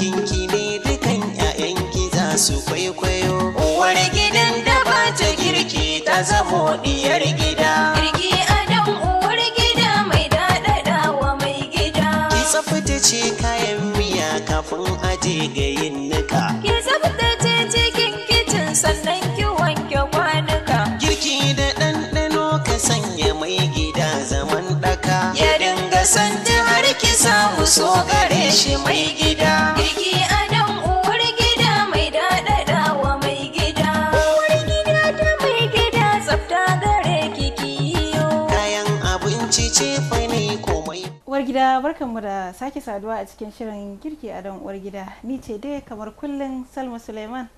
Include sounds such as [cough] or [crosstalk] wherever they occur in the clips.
kinki ne dukan ƴaƴanki za su kwaikwayo uwar gidan da ba ta girki ta zamo diyar gida girki adam uwar gida mai daɗaɗa wa mai gida ki ce kayan miya kafin aje ga yin nika ki ce cikin kicin sannan ki wanke kwanuka girki da ɗanɗano ka sanya mai gida zaman ɗaka ya dinga san har ki samu so gare shi mai gida. barkanmu da sake saduwa a cikin shirin girki a don uwar gida ni ce dai kamar kullum salma suleiman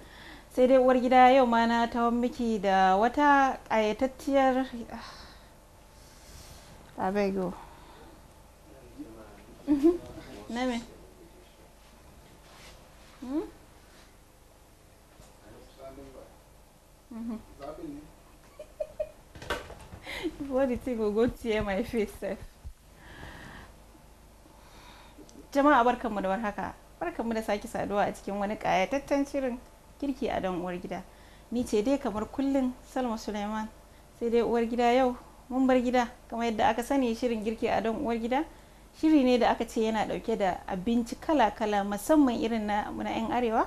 sai dai uwar gida yau ma na tawon miki da wata ƙayatacciyar abego ah, mhm. name hmm? mhm. [laughs] What do you think will go tear my face? Sir? Jama'a barkanmu da warhaka. Barkanmu da sake saduwa a cikin wani kayataccen shirin kirki a dan uwar gida. Ni ce dai kamar kullum Salma Suleiman. Sai dai uwar gida yau mun bar gida kamar yadda aka sani shirin girki a dan uwar gida. Shiri ne da aka ce yana dauke da abinci kala-kala musamman irin na 'yan arewa.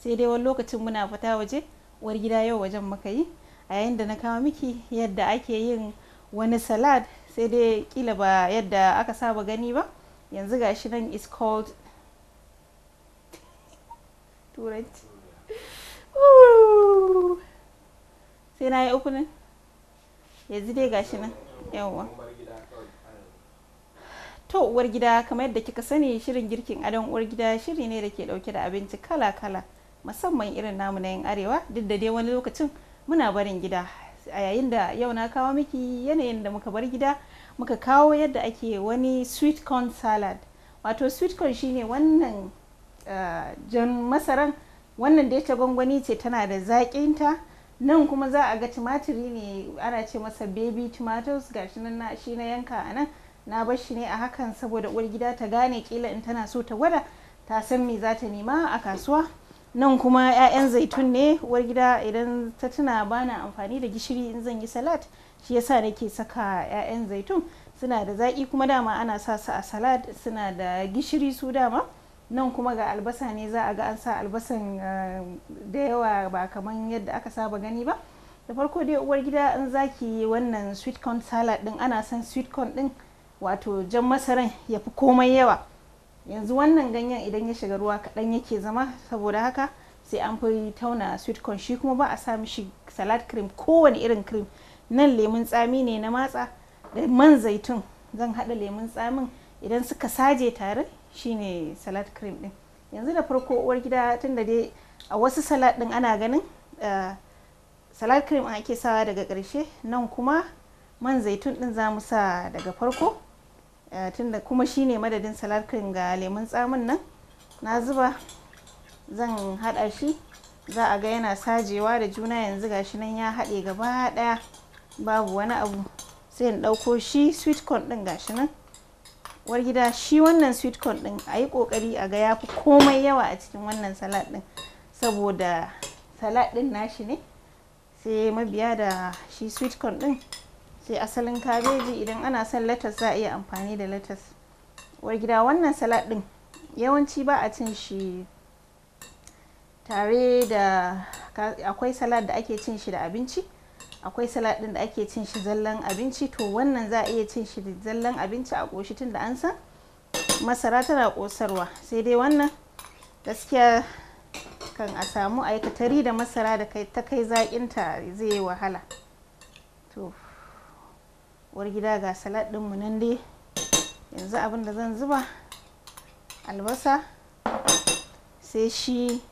Sai dai wani lokacin muna fita waje uwar gida yau wajen muka yi. a yayin da na kawo miki yadda ake yin wani salad sai dai kila ba yadda aka saba gani ba yanzu ga shi nan is called [laughs] turanci sai na yi uku nan yanzu dai ga shi nan yawwa to uwar gida kamar yadda kika sani shirin girkin adon uwar gida shiri ne da ke dauke da abinci kala-kala musamman irin namu na yin arewa duk da dai wani lokacin muna barin gida a yayin da yau na kawo miki yanayin da muka bar gida muka kawo yadda ake wani sweet corn salad wato sweet corn shine wannan eh, jan masaran wannan da ta gwangwani ce tana da zaƙinta nan kuma za a ga tumatiri ne ana ce masa baby tomatoes gashi nan na shi na yanka a nan na bar shi ne a hakan saboda uwar gida ta gane kila in tana so ta gwada ta san me za ta nema a kasuwa nan kuma 'ya'yan zaitun ne uwar gida idan ta tuna bana amfani da gishiri in zan yi salat. shi yasa nake saka 'ya'yan zaitun suna da zaki kuma dama ana sa su a salad suna da gishiri su dama nan kuma ga albasa ne za a ga an sa albasan eh, da yawa ba kamar yadda aka saba gani ba da farko dai uwar gida in zaki wannan sweet corn salad din ana san sweet corn din wato jan masaran ya fi komai yawa yanzu wannan ganyen idan ya shiga ruwa kaɗan yake zama saboda haka sai an fi tauna sweet corn shi kuma ba a sa mishi salad cream kowane irin cream nan lemun tsami ne na matsa da man zaitun zan haɗa lemun tsamin idan suka saje tare shine salad cream din yanzu da farko uwar gida tun da dai a wasu salad din ana ganin eh, salad cream ake sawa daga ƙarshe nan kuma man zaitun din za mu sa daga farko eh, tun da kuma shine madadin salad cream ga lemun tsamin nan na zuba zan haɗa shi za a ga yana sajewa da juna yanzu gashi nan ya haɗe gaba ɗaya babu wani abu sai in ɗauko shi sweet corn ɗin gashi nan war gida shi wannan sweet corn ɗin a yi ƙoƙari a ga ya fi komai yawa a cikin wannan salad ɗin saboda salad ɗin nashi ne sai mabiya da shi sweet corn ɗin sai asalin kabeji idan ana son latas za a iya amfani da latas war gida wannan salad ɗin yawanci ba a cin shi tare da akwai salad da ake cin shi da abinci akwai salad din da ake cin shi zallan abinci to wannan za a iya cin shi da zallan abinci a koshi tun da an san masara tana kosarwa sai dai wannan gaskiya kan a samu aikatari da masara da kai ta kai zaƙin ta zai yi wahala to uwar gida ga salad mu nan dai yanzu abin da zan zuba albasa sai shi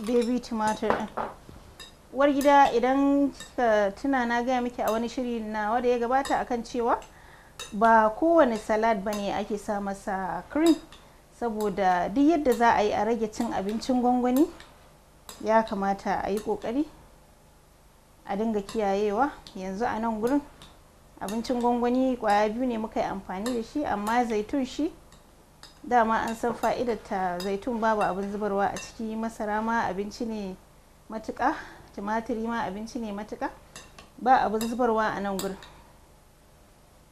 baby tumatir ɗin uwar gida idan kika tuna na gaya miki a wani shiri na wanda ya gabata akan cewa ba kowane salad ne ake sa masa cream saboda duk yadda za a yi a rage cin abincin gwangwani ya kamata a yi kokari a dinga kiyayewa yanzu a nan gurin abincin gwangwani kwaya biyu ne muka yi amfani da shi amma zaitun shi dama an san fa'idar zaitun babu abin zubarwa a ciki masara ma abinci ne matuƙa tumatiri ma abinci ne matuka ba abin zubarwa a nan gurin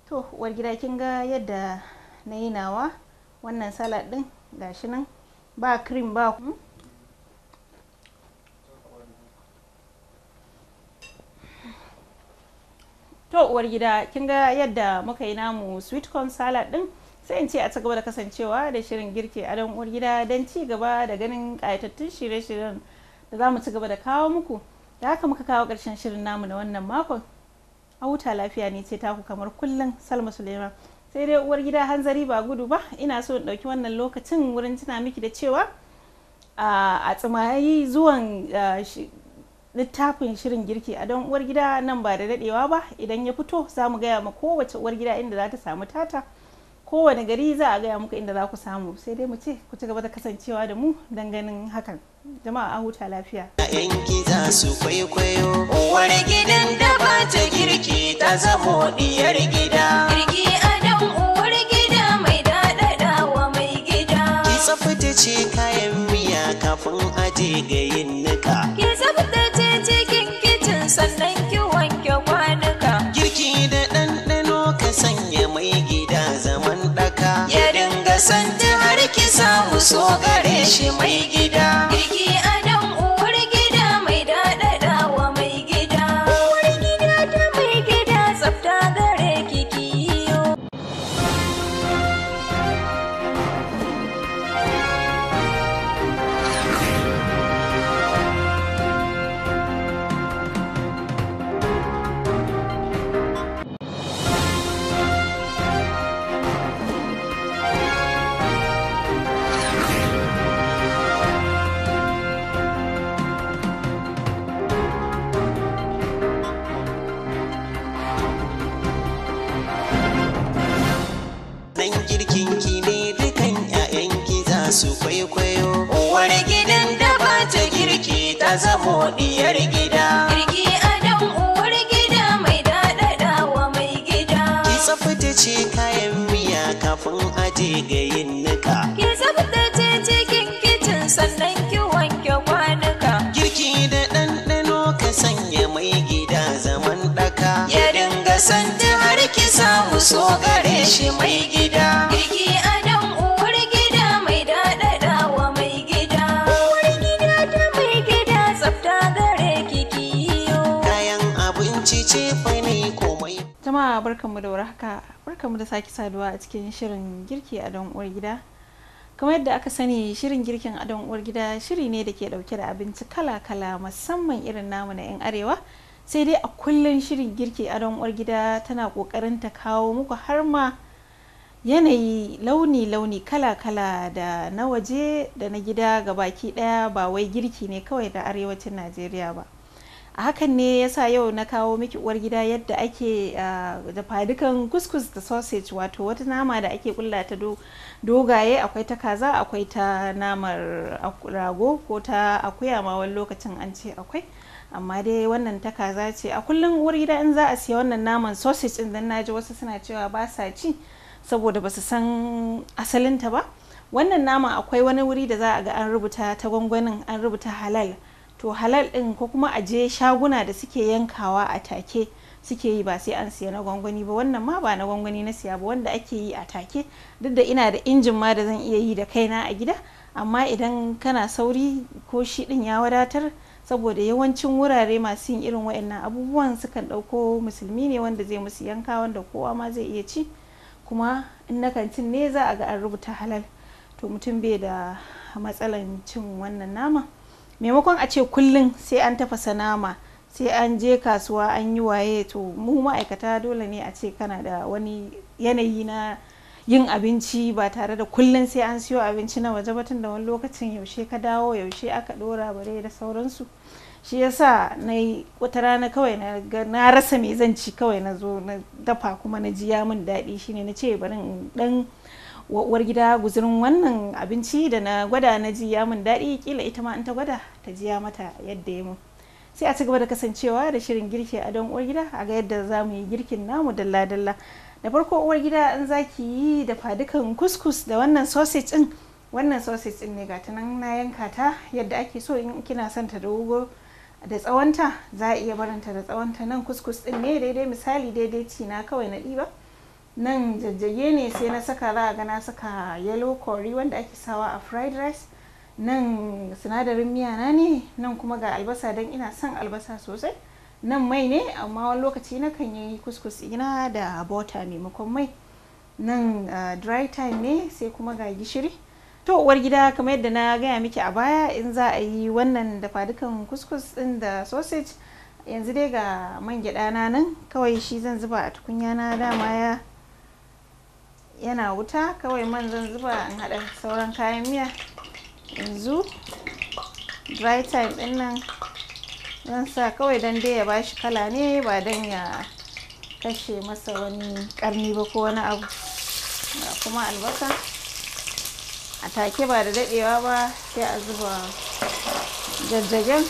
to gida kin ga yadda na yi nawa wannan salad din gashi nan ba cream ba ku to uwar gida kin ga yadda muka yi namu sweet corn salad din sai in ce a cigaba da kasancewa da shirin girki a dan uwar gida don ci gaba da ganin ƙayatattun shirye-shiryen da za mu ci gaba da kawo muku da haka muka kawo ƙarshen shirin namu na wannan makon a huta lafiya ne ce taku kamar kullum salma suleiman sai dai uwar gida hanzari ba gudu ba ina so in ɗauki wannan lokacin wurin tuna miki da cewa a tsimayi zuwan littafin shirin girki a don uwar gida nan ba da daɗewa ba idan ya fito za mu gaya ma kowace uwar gida inda za ta samu tata kowane gari za a gaya muku inda za ku samu sai dai mu ce ku cigaba da kasancewa da mu don ganin hakan jama'a a huta lafiya yan gida su kwaikwayo uwar da ba ta girki ta zamo diyar gida girki adam uwar gida mai dadada wa mai gida ki tsaftace kayan miya kafin aje ga yin nika ki tsaftace cikin kicin sannan ki wanke kwanan. so gare shi mai gida. shi mai gida. Girki a nan uwar gida mai daɗaɗa wa mai gida. Uwar gida ta mai gida tsafta gare kiki yo. Kayan abinci ce komai. Jama'a barkanmu da warhaka barkanmu da sake saduwa a cikin shirin girki a dan uwar gida. kamar yadda aka sani shirin girkin adon uwar gida shiri ne da ke dauke da abinci kala-kala musamman irin namu na 'yan arewa sai dai a kullum shirin girki a uwar gida tana kokarin ta kawo muku har ma yanayi launi-launi kala-kala da na waje da na gida ga baki daya ba wai girki ne kawai da arewacin najeriya ba a hakan ne yasa yau na kawo miki uwar gida yadda ake ah, da fadukan kuskus da sausage wato wata nama da ake kulla ta dogaye akwai ta kaza akwai ta namar rago ko ta akuya ma wani lokacin an ce akwai amma dai wannan ta kaza ce a kullum wuri da in za a siya wannan naman sausage din dan naji wasu suna cewa ba sa ci saboda ba su san asalinta ba wannan nama akwai wani wuri da za a ga an rubuta ta gwangwanin an rubuta halal to halal din ko kuma a je shaguna da suke yankawa a take suke yi ba sai an siya na gwangwani ba wannan ma ba na gwangwani na siya ba wanda ake yi a take duk da ina da injin ma da zan iya yi da kaina a gida amma idan kana sauri ko shi din ya wadatar saboda yawancin wurare masu yin irin waɗannan abubuwan sukan ɗauko musulmi ne wanda zai musu yanka wanda kowa ma zai iya ci kuma in na kantin ne za a ga an rubuta halal to mutum bai da matsalan cin wannan nama maimakon a ce kullum sai an tafasa nama sai an je kasuwa an yi waye to mu ma'aikata dole ne a ce kana da wani yanayi na yin abinci ba tare da kullum sai an siyo abinci na waje batun da wani lokacin yaushe ka dawo yaushe aka dora bare da sauransu shi yasa na yi wata rana kawai na rasa mai zan ci kawai na zo na dafa kuma na ji min daɗi shine na ce bari in dan uwar gida guzurin wannan abinci da na gwada na ji min daɗi kila ita ma in ta gwada ta jiya mata yadda ya mun sai a ci gaba da kasancewa da shirin girki a don uwar gida a ga yadda za mu yi girkin namu dalla-dalla da farko uwar gida in zaki yi da fadukan kuskus da wannan sausage din wannan sausage din ne ga ta na yanka ta yadda ake so in kina son ta da dogo da tsawonta za a iya barinta da tsawonta nan kuskus din ne daidai misali daidai ci na kawai na ɗiba nan jajjage ne sai na saka za a ga na saka yellow curry wanda ake sawa a fried rice nan sinadarin miya na ne nan kuma ga albasa don ina son albasa sosai nan mai ne amma wani lokaci na kan yi kuskus ina da bota maimakon mai nan ah, dry time ne sai kuma ga gishiri to uwar gida kamar yadda na gaya miki a baya in za a yi wannan dafa dukan kuskus din da sausage yanzu dai ga man gyaɗa na nan kawai shi zan zuba a tukunya na dama ya yana wuta kawai man zan zuba in haɗa sauran kayan miya yanzu dry time din nan don sa kawai don dai ya bashi kala ne ba don ya kashe masa wani karni ba ko wani abu ga kuma albasa a take ba da dadewa ba sai a zuba jajjagen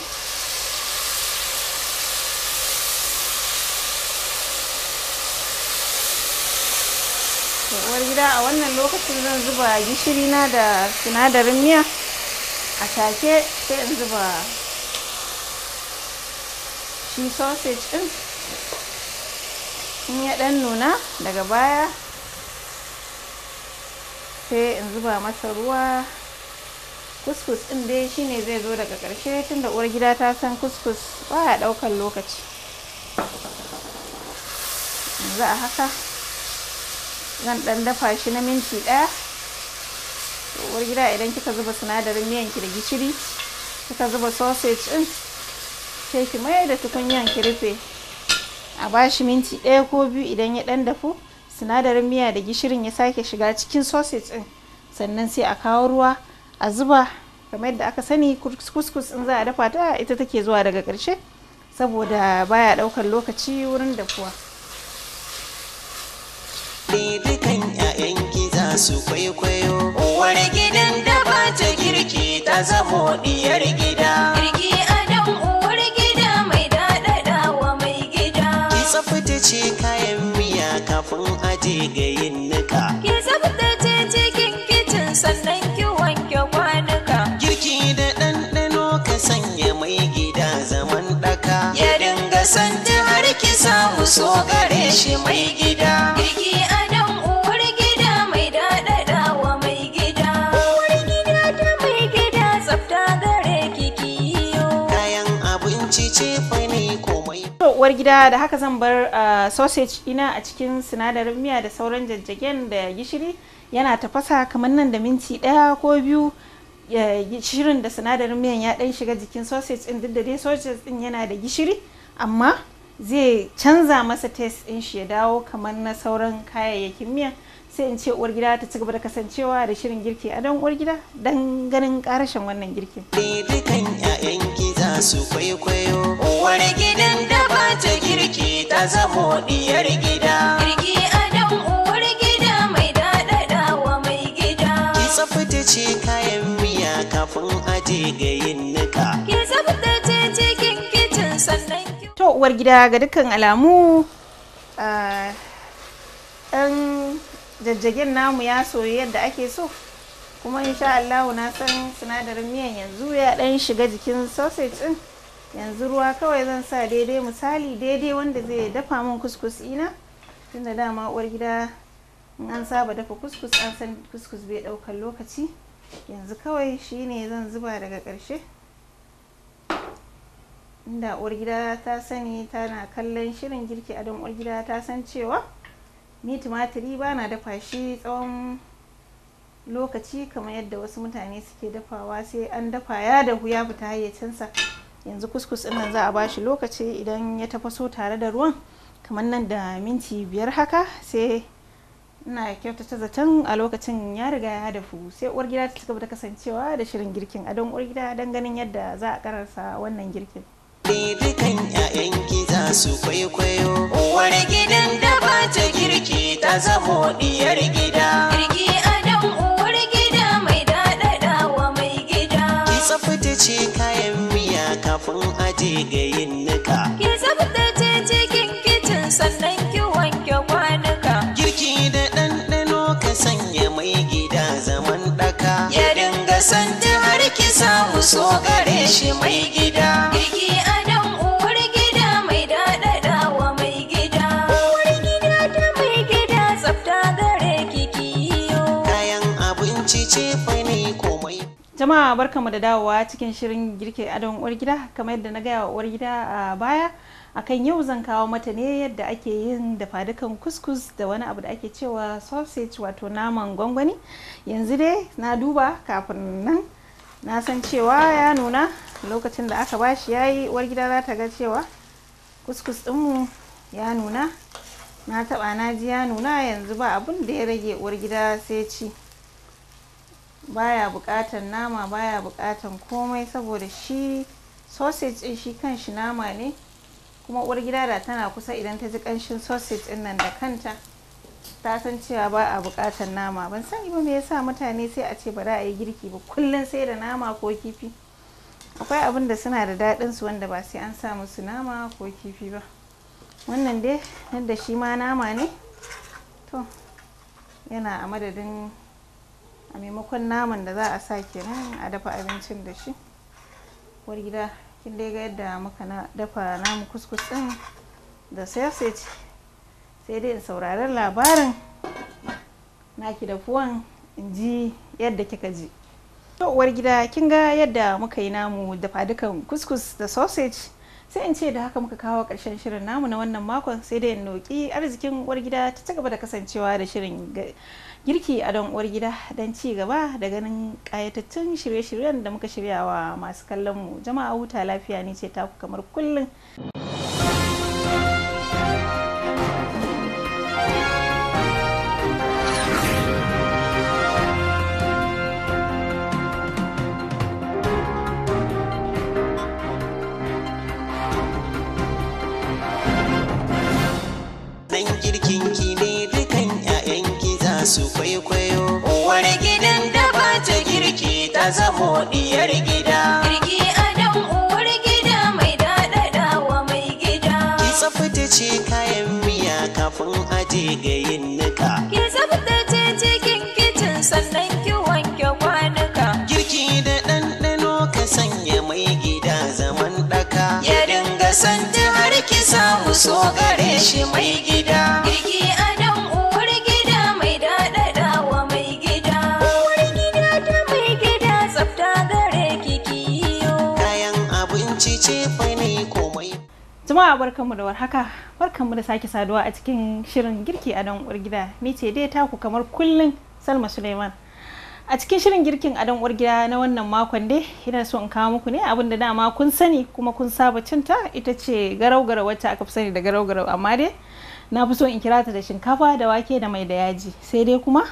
uwar gida a wannan lokacin zan zuba gishiri na da sinadarin miya a take sai in zuba shi sausage ɗin in ya ɗan nuna daga baya sai in zuba masa ruwa kuskus ɗin dai shine zai zo daga ƙarshe tunda uwar gida ta san kuskus baya ɗaukar lokaci yanzu a haka zan ɗan dafa shi na minti ɗaya uwar gida idan kika zuba sinadarin miyan da gishiri kika zuba sausage ɗin sai ki mayar da tukunyan ki rufe a bashi minti ɗaya ko biyu idan ya ɗan dafu sinadarin miya da gishirin ya sake shiga cikin sausage ɗin sannan sai a kawo ruwa a zuba kamar yadda aka sani kuskus in za a dafa ta ita take zuwa daga ƙarshe saboda baya ɗaukar lokaci wurin dafuwa. Dukan 'ya'yan gida su kwaikwayo, wani gidan da ba ta girki ta zamo diyar gida. ce kayan miya kafin aje ga yin nika. Ki tsaftace cikin kicin sannan ki wanke kwanuka. Girki da ɗanɗano ka sanya mai gida zaman ɗaka. Ya dinga sanda har ki samu so gare shi mai gida. Girki a nan uwar gida mai daɗaɗa wa mai gida. Uwar gida ta mai gida tsafta gare ki kiyo. Kayan abinci ce uwar gida da haka zan bar uh, sausage ina a cikin sinadarin miya da sauran jajjagen da gishiri yana tafasa kamar nan da minti ɗaya ko biyu shirin da sinadarin miyan ya ɗan shiga jikin sausage ɗin duk da dai sausage ɗin yana da gishiri amma zai canza masa taste ɗin shi ya dawo kamar na sauran kayayyakin miya sai in ce uwar gida ta ci gaba da kasancewa da shirin girki a dan uwar gida dan ganin karashin wannan girkin. su kwaikwayo uwar gidan da ba ta girki ta zamo diyar gida girki adam uwar gida mai daɗaɗa wa mai gida ki tsaftace kayan miya kafin aje ga yin nika ki tsaftace cikin kicin sannan to uwar gida ga dukkan alamu ah, ɗan jajjagen namu ya soyi yadda ake so kuma insha allahu na san sinadarin miyan yanzu ya dan shiga jikin sausage din yanzu ruwa kawai zan sa daidai misali daidai wanda zai dafa min kuskus ina tunda dama uwar gida in an saba dafa kuskus an san kuskus bai daukar lokaci yanzu kawai shine zan zuba daga karshe inda uwar gida ta sani tana kallon shirin girki a don uwar gida ta san cewa ni tumatiri ba na dafa shi tsawon lokaci kamar yadda wasu mutane suke dafawa sai an dafa ya da ya fita hayyacinsa yanzu kuskus nan za a bashi lokaci idan ya tafaso tare da ruwan kamar nan da minti biyar haka sai ina kyautata zaton a lokacin ya riga ya dafu sai uwar gida ta cigaba ta kasancewa da shirin girkin a don uwar gida don ganin yadda za a kararsa wannan girkin. Ririkan 'ya'yan gida su kwaikwayo, uwar gidan da ba girki ta zamo diyar gida. ce kayan miya kafin aje ga yin nika. Ki tsaftace cikin kicin sannan ki wanke kwanuka. Girki da ɗanɗano ka sanya mai gida zaman ɗaka. Ya dinga ta har ki samu so gare shi mai gida. Girki jama'a mu da dawowa cikin shirin girke adon uwar gida kamar yadda na gaya wa uwar gida a baya akan yau zan kawo mata ne yadda ake yin dafadukan kuskus da wani abu da ake cewa sausage wato naman gwangwani yanzu dai na duba kafin nan na san cewa ya nuna lokacin da aka bashi yayi uwar gida za ta ga cewa kuskus dinmu ya nuna na taba na ji ya nuna yanzu ba abun da ya rage uwar gida sai ci baya buƙatan nama baya buƙatan komai saboda shi sausage ɗin shi kan shi nama ne kuma uwar gida da tana kusa idan ta ji ƙanshin sausage ɗin nan da kanta ta san cewa ba a buƙatan nama ban sani ba me yasa mutane sai a ce ba za a yi girki ba kullum sai da nama ko kifi akwai abin da suna da daɗin su wanda ba sai an sa musu nama ko kifi ba wannan dai yadda shi ma nama ne to yana a madadin a maimakon naman da za a sa kenan a dafa abincin da shi uwar gida kin dai ga yadda muka dafa namu kuskus din da sausage sai dai in sauraren labarin naki dafuwan in ji yadda kika ji to uwar gida kin ga yadda muka yi namu dafa dukan kuskus da sausage sai in ce da haka muka kawo ƙarshen shirin namu na wannan makon sai dai in noki arzikin uwar gida ta ci gaba da kasancewa da shirin girki a don uwar gida don ci gaba da ganin kayatattun shirye-shiryen da muka shirya wa masu kallon mu jama'a huta lafiya ne ce taku kamar kullum ko gida Kirki adam uwar gida mai dadada wa mai gida Ki tsaftace kayan miya kafin aje ga yin nika Ki tsaftace cikin kicin sannan ki wanke kwanuka Girki da ɗanɗano ka sanya mai gida zaman ɗaka Ya dinga santi har ki samu so gare shi mai gida Girki Jama'a barkanmu da warhaka, barkanmu da sake saduwa a cikin shirin girki a uwar gida. Ni ce dai taku kamar kullum Salma Suleiman. A cikin shirin girkin a uwar gida na wannan makon dai, ina so in kawo muku ne abinda da dama kun sani kuma kun saba cinta ita ce garau garau wacce aka fi sani da garau garau amma dai na fi so in kira ta da shinkafa da wake da mai da yaji. Sai dai kuma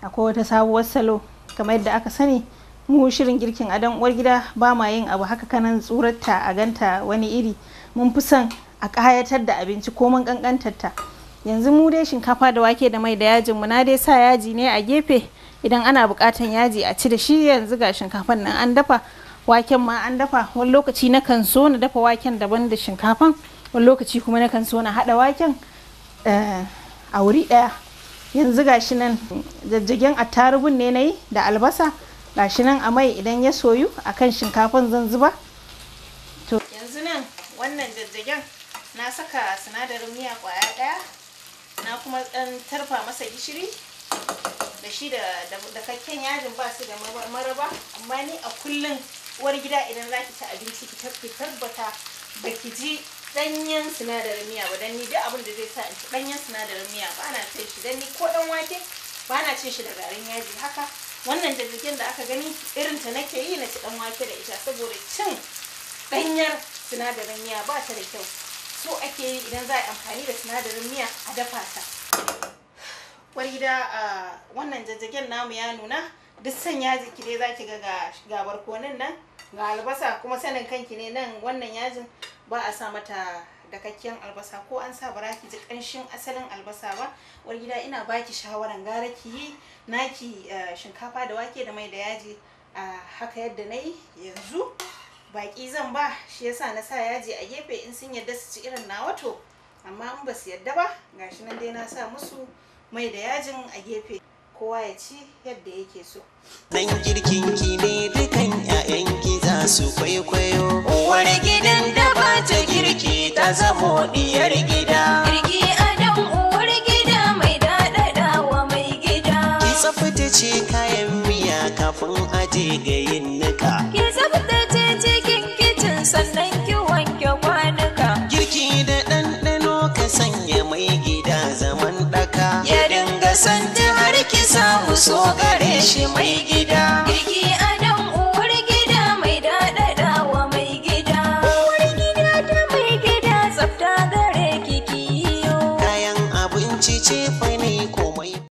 akwai wata sabuwar salo kamar yadda aka sani mu shirin girkin a uwar gida ba ma yin abu haka kanan tsurarta a ganta wani iri. mun fi son a kayatar da abinci ko mun ta yanzu mu dai shinkafa da wake da mai da yajin mu na dai sa yaji ne a gefe idan ana buƙatan yaji a ci da shi yanzu ga shinkafan nan an dafa waken ma an dafa wani lokaci na kan so na dafa waken daban da shinkafan wani lokaci kuma na kan so na haɗa waken eh, a wuri ɗaya yanzu ga shi nan jajjagen attarugun ne na yi da albasa ga shi nan a mai idan ya soyu akan shinkafan zan zuba wannan jajjagen na saka sinadarin miya kwaya ɗaya na kuma ɗan tarfa masa gishiri da shi da kakken yajin ba su da maraba amma ni a kullum uwar gida idan za ki ci abinci ki tabbata ba ki ji danyen sinadarin miya ba dan ni duk abin da zai sa in ci danyen sinadarin miya ba na cin shi dan ni ko dan wake ba na cin shi da garin yaji haka wannan jajjagen da aka gani irin ta nake yi na ci dan wake da ita saboda cin danyar sinadarin miya ba ta da kyau so ake yi idan za a yi amfani da sinadarin miya a dafa ta war gida wannan jajjagen namu ya nuna duk sanya jiki dai za ki ga ga barkonin nan ga albasa kuma sanin kanki ne nan wannan yajin ba a sa mata dakakken albasa ko an sa bara ki ji kanshin asalin albasa ba war gida ina baki shawaran gara ki yi naki eh, shinkafa da wake da mai da yaji a haka yadda na yi yanzu baki zan ba shi yasa na sa yaji a gefe in sun yadda su ci irin na wato amma in ba su yadda ba gashi nan dai na sa musu mai da yajin a gefe kowa ya ci yadda yake so dan girkin ki ne dukan ƴaƴan ki za su kwaikwayo uwar gidan da ba ta girki ta zamo diyar gida girki dan uwar gida mai dadadawa mai gida ki tsaftace kayan miya kafin aje ga yin na shi mai